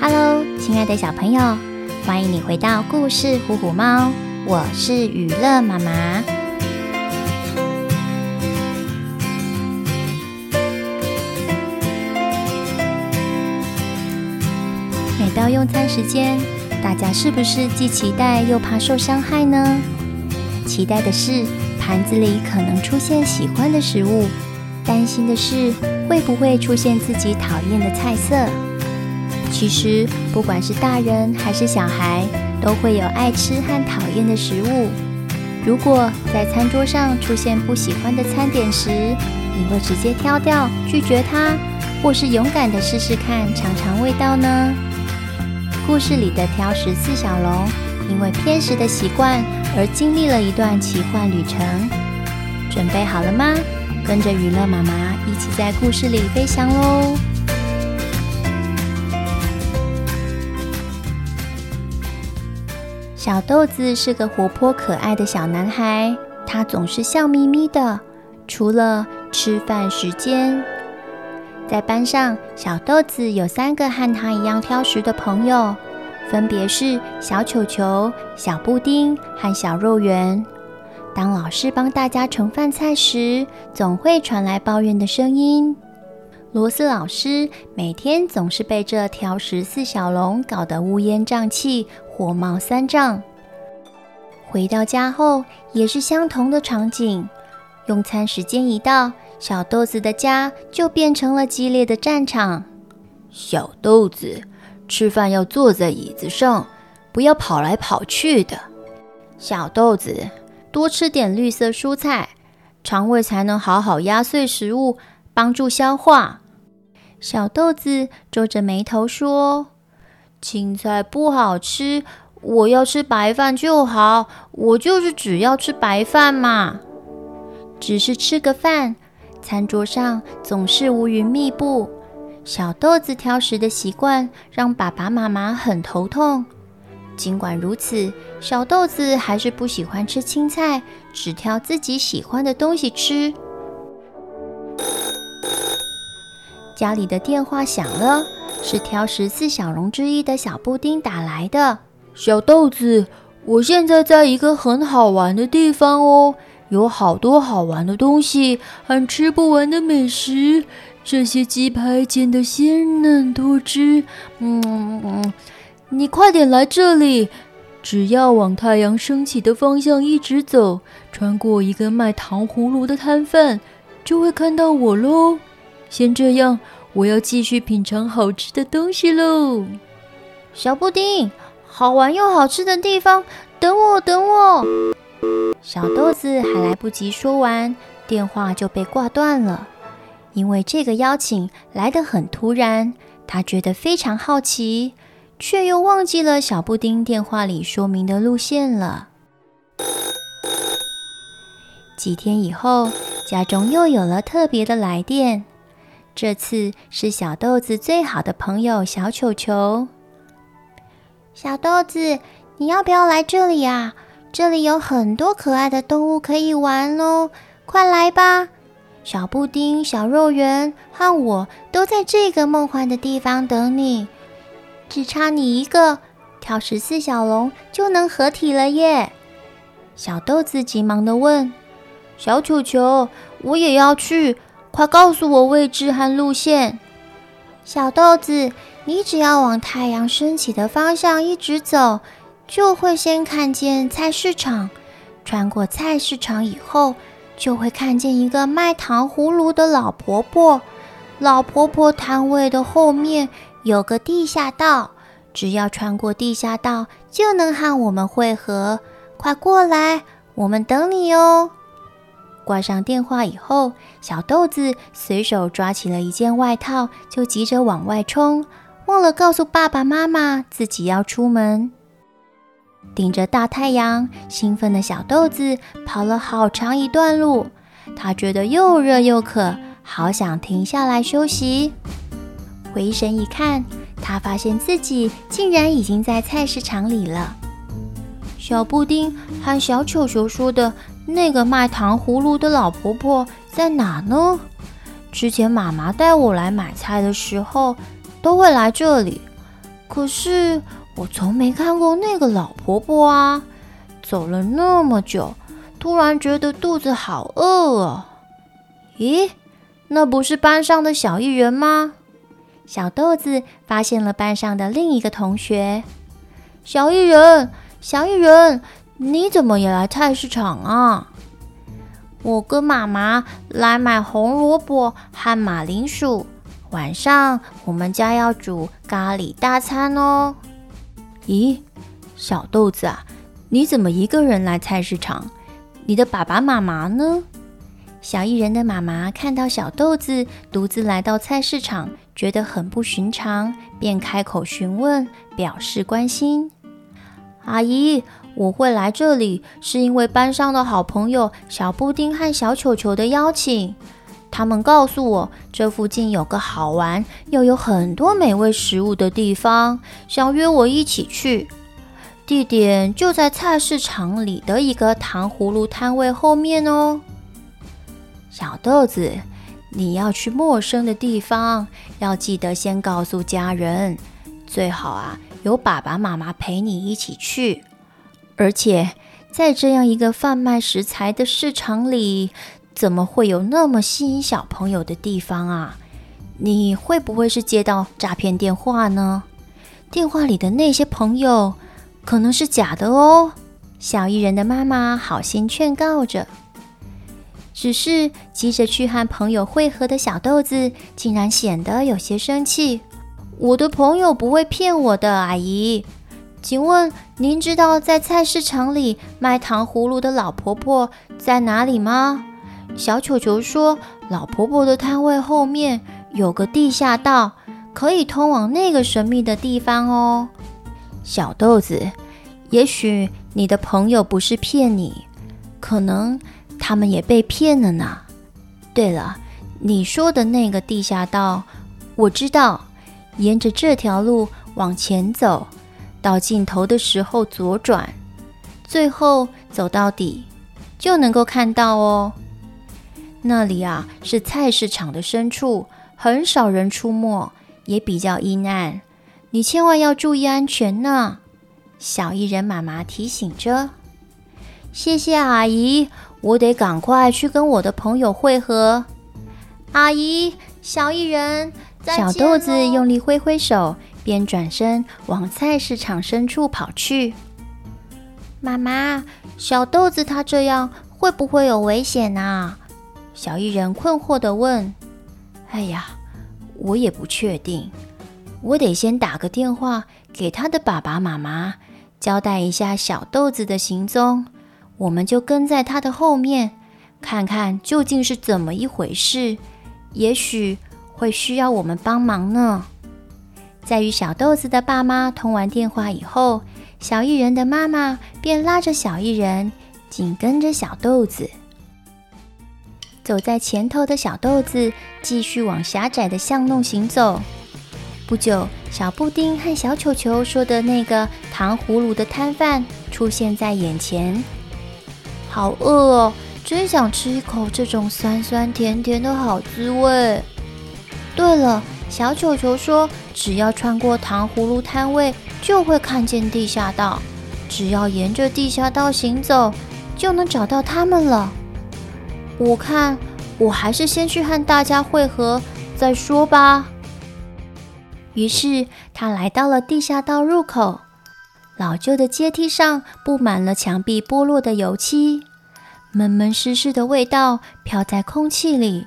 哈嘍親愛的小朋友，歡迎你回到故事《虎虎貓》。我是予樂媽媽。每到用餐時間，大家是不是既期待又怕受傷害呢？期待的是盤子裡可能出現喜歡的食物，擔心的是會不會出現自己討厭的菜色。其實，不管是大人還是小孩，都會有愛吃和討厭的食物。如果在餐桌上出現不喜歡的餐點時，你會直接挑掉，拒絕它，或是勇敢地試試看，嘗嘗味道呢？故事裡的挑食四小龍，因為偏食的習慣而經歷了一段奇幻旅程。準備好了嗎？跟着予樂媽媽一起在故事裡飛翔嘍！小豆子是個活潑可愛的小男孩，他總是笑眯眯的，除了吃飯時間。在班上，小豆子有三個和他一樣挑食的朋友，分別是小球球、小布丁和小肉圓。當老師幫大家盛飯菜時，總會傳來抱怨的聲音。羅斯老師每天總是被這挑食四小龍搞得烏煙瘴氣、火冒三丈。回到家後也是相同的場景。用餐時間一到，小豆子的家就變成了激烈的戰場。小豆子吃飯要坐在椅子上，不要跑來跑去的。小豆子多吃點綠色蔬菜，腸胃才能好好壓碎食物，幫助消化。小豆子皺着眉頭說：“青菜不好吃，我要吃白飯就好。我就是只要吃白飯嘛。只是吃個飯，餐桌上總是烏雲密布。小豆子挑食的習慣讓爸爸媽媽很頭痛。儘管如此，小豆子還是不喜歡吃青菜，只挑自己喜歡的東西吃。”家裡的電話響了，是挑食四小龍之一的小布丁打來的。小豆子，我現在在一個很好玩的地方哦，有好多好玩的東西，和吃不完的美食。這些雞排煎得鮮嫩多汁，嗯，嗯，你快點來這裡，只要往太陽升起的方向一直走，穿過一個賣糖葫蘆的攤販，就會看到我嘍。先這樣，我要繼續品嘗好吃的東西嘍。小布丁，好玩又好吃的地方，等我，等我。小豆子還來不及說完，電話就被掛斷了。因為這個邀請來得很突然，他覺得非常好奇，卻又忘記了小布丁電話裡說明的路線了。幾天以後，家中又有了特別的來電。這次是小豆子最好的朋友小球球。小豆子，你要不要來這裡啊？這裡有很多可愛的動物可以玩哦，快來吧！小布丁、小肉圓和我都在這個夢幻的地方等你，只差你一個，挑食四小龍就能合體了耶！小豆子急忙的問：“小球球，我也要去。”快告訴我位置和路線。小豆子，你只要往太陽升起的方向一直走，就會先看見菜市場。穿過菜市場以後，就會看見一個賣糖葫蘆的老婆婆。老婆婆攤位的後面有個地下道，只要穿過地下道，就能和我們會合。快過來，我們等你哦。掛上電話以後，小豆子隨手抓起了一件外套，就急着往外衝，忘了告訴爸爸媽媽自己要出門。頂着大太陽，興奮的小豆子跑了好長一段路，他覺得又熱又渴，好想停下來休息。回神一看，他發現自己竟然已經在菜市場裡了。小布丁和小球球說的。那個賣糖葫蘆的老婆婆在哪呢？之前媽媽帶我來買菜的時候都會來這裡，可是我從沒看過那個老婆婆啊！走了那麼久，突然覺得肚子好餓哦、啊。咦，那不是班上的小藝人嗎？小豆子發現了班上的另一個同學，小藝人，小藝人。你怎麼也來菜市場啊？我跟媽媽來買紅蘿蔔和馬鈴薯，晚上我們家要煮咖喱大餐哦。咦，小豆子啊，你怎麼一個人來菜市場？你的爸爸媽媽呢？小藝人的媽媽看到小豆子獨自來到菜市場，覺得很不尋常，便開口詢問，表示關心。阿姨。我會來這裡，是因為班上的好朋友小布丁和小球球的邀請。他們告訴我，這附近有個好玩又有很多美味食物的地方，想約我一起去。地點就在菜市場裡的一個糖葫蘆攤位後面哦。小豆子，你要去陌生的地方，要記得先告訴家人，最好啊，有爸爸媽媽陪你一起去。而且在這樣一個販賣食材的市場裡，怎麼會有那麼吸引小朋友的地方啊？你會不會是接到詐騙電話呢？電話裡的那些朋友可能是假的哦。小藝人的媽媽好心勸告着，只是急着去和朋友匯合的小豆子，竟然顯得有些生氣。我的朋友不會騙我的，阿姨。請問您知道在菜市場裡賣糖葫蘆的老婆婆在哪裡嗎？小球球說：“老婆婆的攤位後面有個地下道，可以通往那個神秘的地方哦。”小豆子，也許你的朋友不是騙你，可能他們也被騙了呢。對了，你說的那個地下道，我知道，沿着這條路往前走。到盡頭的時候左轉，最後走到底，就能夠看到哦。那裡啊是菜市場的深處，很少人出沒，也比較陰暗，你千萬要注意安全呢。小藝人媽媽提醒着：“謝謝阿姨，我得趕快去跟我的朋友會合。”阿姨，小藝人再見。小豆子用力揮揮手。便轉身往菜市場深處跑去。媽媽，小豆子他這樣會不會有危險啊？小藝人困惑地問。哎呀，我也不確定。我得先打個電話給他的爸爸媽媽，交代一下小豆子的行蹤。我們就跟在他的後面，看看究竟是怎麼一回事。也許會需要我們幫忙呢。在與小豆子的爸媽通完電話以後，小藝人的媽媽便拉着小藝人，緊跟着小豆子。走在前頭的小豆子繼續往狹窄的巷弄行走。不久，小布丁和小球球說的那個糖葫蘆的攤販出現在眼前。好餓哦，真想吃一口這種酸酸甜甜的好滋味。對了。小球球說：“只要穿過糖葫蘆攤位，就會看見地下道。只要沿着地下道行走，就能找到他們了。”我看，我還是先去和大家會合再說吧。於是，他來到了地下道入口。老舊的階梯上布滿了牆壁剝落的油漆，悶悶濕濕的味道飄在空氣裡。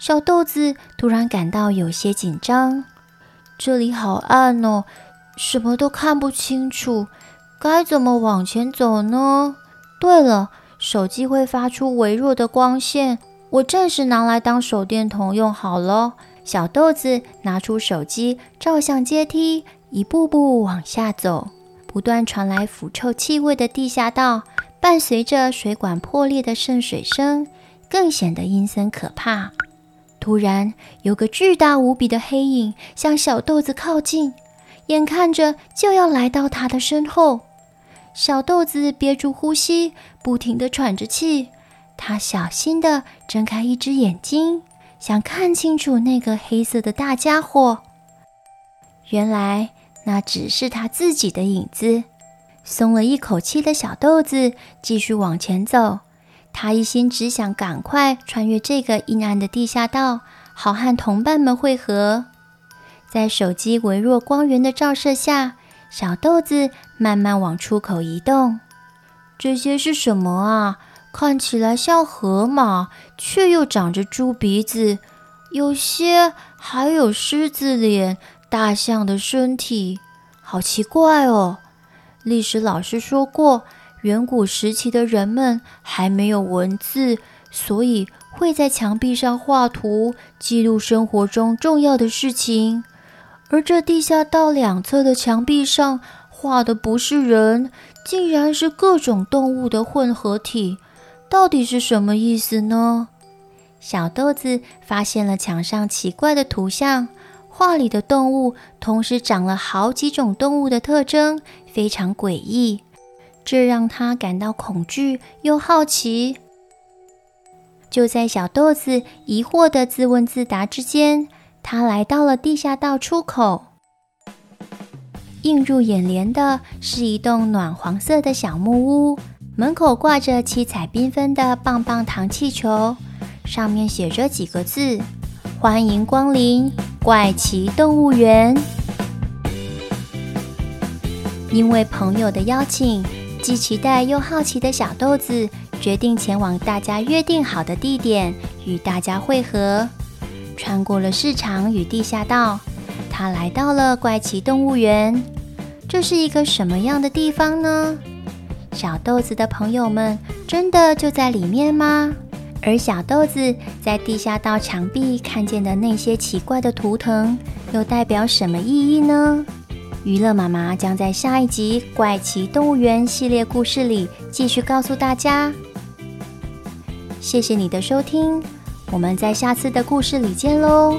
小豆子突然感到有些緊張。這裡好暗哦，什麼都看不清楚，該怎麼往前走呢？對了，手機會發出微弱的光線，我暫時拿來當手電筒用好了。小豆子拿出手機照向階梯，一步步往下走。不斷傳來腐臭氣味的地下道，伴隨着水管破裂的滲水聲，更顯得陰森可怕。突然，有個巨大無比的黑影向小豆子靠近，眼看着就要來到他的身後。小豆子憋住呼吸，不停地喘着氣。他小心地睜開一隻眼睛，想看清楚那個黑色的大傢伙。原來那只是他自己的影子。鬆了一口氣的小豆子繼續往前走。他一心只想趕快穿越這個陰暗的地下道，好和同伴們會合。在手機微弱光源的照射下，小豆子慢慢往出口移動。這些是什麼啊？看起來像河馬，卻又長着豬鼻子；有些還有獅子臉、大象的身體，好奇怪哦！歷史老師說過。遠古時期的人們還沒有文字，所以會在牆壁上畫圖記錄生活中重要的事情。而這地下道兩側的牆壁上畫的不是人，竟然是各種動物的混合體，到底是什麼意思呢？小豆子發現了牆上奇怪的圖像，畫裡的動物同時長了好幾種動物的特徵，非常詭異。這讓他感到恐懼又好奇。就在小豆子疑惑的自問自答之間，他來到了地下道出口。映入眼簾的是一棟暖黃色的小木屋，門口掛着七彩繽紛的棒棒糖氣球，上面寫着幾個字：“歡迎光臨怪奇動物園。”因為朋友的邀請。既期待又好奇的小豆子決定前往大家約定好的地點與大家會合。穿過了市場與地下道，他來到了怪奇動物園。這是一個什麼樣的地方呢？小豆子的朋友們真的就在裡面嗎？而小豆子在地下道牆壁看見的那些奇怪的圖騰又代表什麼意義呢？樂媽媽將在下一集《怪奇動物園》系列故事裡繼續告訴大家。謝謝你的收聽，我們在下次的故事裡見嘍。